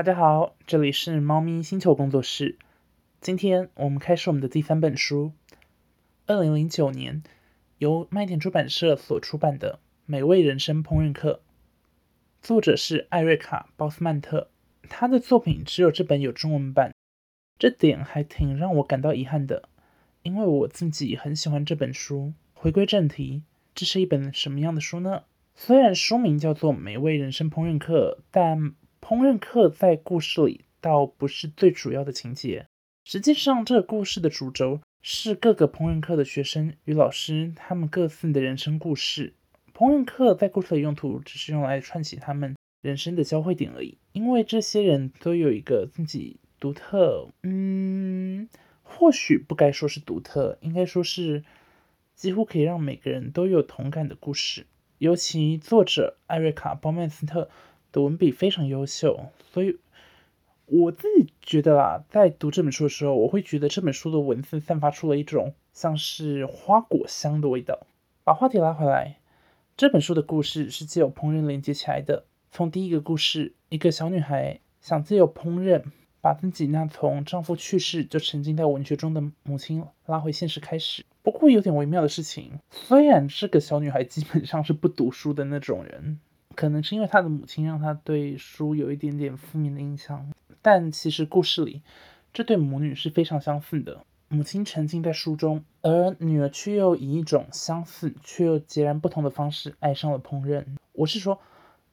大家好，這裡是貓咪星球工作室。今天我們開始我們的第三本書，二零零九年由麥田出版社所出版的《美味人生烹飪課》，作者是艾瑞卡·鮑斯曼特。她的作品只有這本有中文版，這點還挺讓我感到遺憾的，因為我自己很喜歡這本書。回歸正題，這是一本什麼樣的書呢？雖然書名叫做《美味人生烹飪課》，但……烹飪課在故事裡倒不是最主要的情節，實際上，這個故事的主軸是各個烹飪課的學生與老師，他們各自的人生故事。烹飪課在故事的用途只是用來串起他們人生的交匯點而已，因為這些人都有一個自己獨特，嗯，或許不該說是獨特，應該說是幾乎可以讓每個人都有同感的故事。尤其作者艾瑞卡·鮑曼斯特，的文筆非常優秀，所以我自己覺得啊，在讀這本書的時候，我會覺得這本書的文字散發出了一種像是花果香的味道。把話題拉回來，這本書的故事是借由烹飪連接起來的，從第一個故事，一個小女孩想借由烹飪把自己那從丈夫去世就沉浸在文學中的母親拉回現實開始，不過有點微妙的事情，雖然這個小女孩基本上是不讀書的那種人。可能是因為她的母親讓她對書有一點點負面的印象，但其實故事裡這對母女是非常相似的。母親沉浸在書中，而女兒卻又以一種相似卻又截然不同的方式愛上了烹飪。我是說，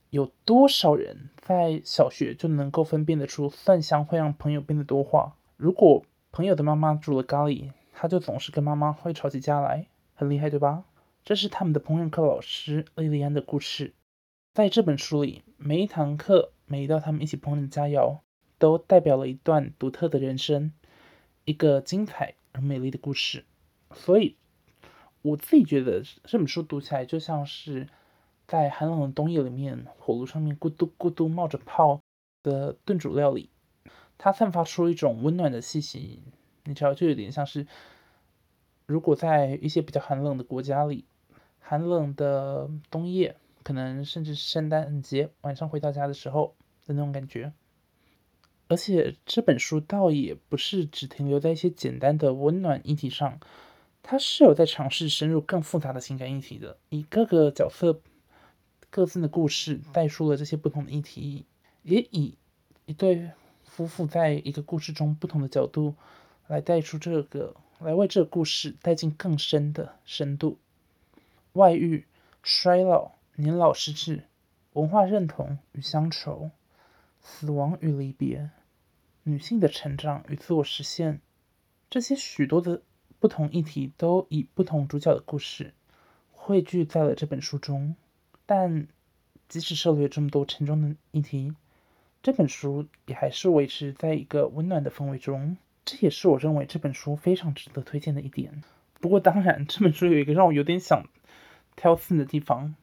有多少人在小學就能夠分辨得出蒜香會讓朋友變得多話？如果朋友的媽媽煮了咖喱，她就總是跟媽媽會吵起架來，很厲害，對吧？這是他們的烹飪課老師莉莉安的故事。在這本書裡，每一堂課，每一道他們一起烹飪的佳餚，都代表了一段獨特的人生，一個精彩而美麗的故事。所以，我自己覺得這本書讀起來就像是在寒冷的冬夜裡面，火爐上面咕嘟咕嘟冒着泡的燉煮料理，它散發出一種溫暖的氣息。你知道，就有點像是，如果在一些比較寒冷的國家裡，寒冷的冬夜。可能甚至聖誕節晚上回到家的時候的那種感覺，而且這本書倒也不是只停留在一些簡單的溫暖議題上，它是有在嘗試深入更複雜的情感議題的。以各個角色各自的故事帶出了這些不同的議題，也以一對夫婦在一個故事中不同的角度來帶出這個，來為這個故事帶進更深的深度，外遇、衰老。年老失智、文化認同與鄉愁、死亡與離別、女性的成長與自我實現，這些許多的不同議題，都以不同主角的故事匯聚在了這本書中。但即使涉獵這麼多沉重的議題，這本書也還是維持在一個溫暖的氛圍中。這也是我認為這本書非常值得推薦的一點。不過，當然，這本書有一個讓我有點想挑刺的地方。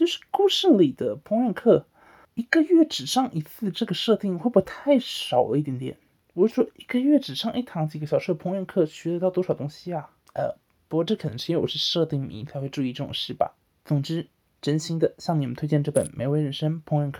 就是故事裡的烹飪課，一個月只上一次，這個設定會不會太少了一點點？我是說，一個月只上一堂幾個小時的烹飪課，學得到多少東西啊？呃，不過這可能是因為我是設定迷才會注意這種事吧。總之，真心的向你們推薦這本《美味人生烹飪課》。